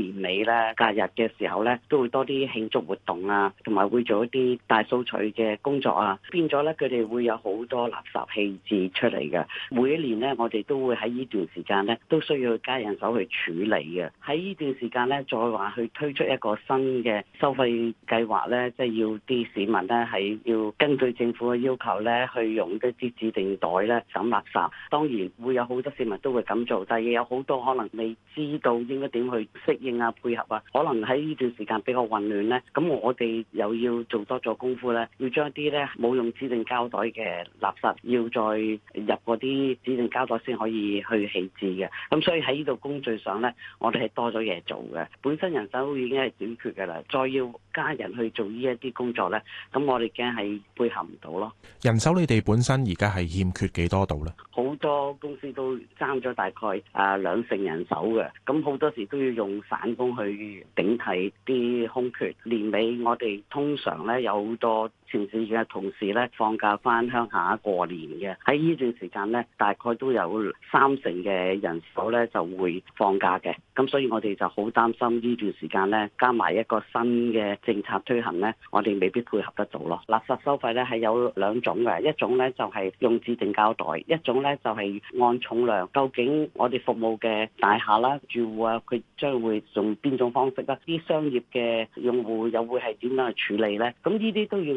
年尾咧，假日嘅時候咧，都會多啲慶祝活動啊，同埋會做一啲大掃除嘅工作啊，變咗咧，佢哋會有好多垃圾棄置出嚟嘅。每一年咧，我哋都會喺呢段時間咧，都需要加人手去處理嘅。喺呢段時間咧，再話去推出一個新嘅收費計劃咧，即係要啲市民咧係要根據政府嘅要求咧，去用一啲指定袋咧抌垃圾。當然會有好多市民都會咁做，但係有好多可能未知道應該點去適。啊配合啊，可能喺呢段時間比較混亂咧，咁我哋又要做多咗功夫咧，要將啲咧冇用指定膠袋嘅垃圾，要再入嗰啲指定膠袋先可以去棄置嘅。咁所以喺呢度工序上咧，我哋係多咗嘢做嘅。本身人手已經係短缺噶啦，再要加人去做呢一啲工作咧，咁我哋梗係配合唔到咯。人手你哋本身而家係欠缺幾多度咧？好多公司都爭咗大概啊兩成人手嘅，咁好多時都要用返工去頂替啲空缺，年尾我哋通常咧有好多，城市嘅同事咧放假翻鄉下過年嘅，喺呢段時間咧大概都有三成嘅人手咧就會放假嘅，咁所以我哋就好擔心呢段時間咧加埋一個新嘅政策推行咧，我哋未必配合得到咯。垃圾收費咧係有兩種嘅，一種咧就係用指定膠袋，一種咧就係按重量。究竟我哋服務嘅大廈啦、住戶啊，佢將會用邊種方式啦？啲商業嘅用戶又會係點樣去處理咧？咁呢啲都要。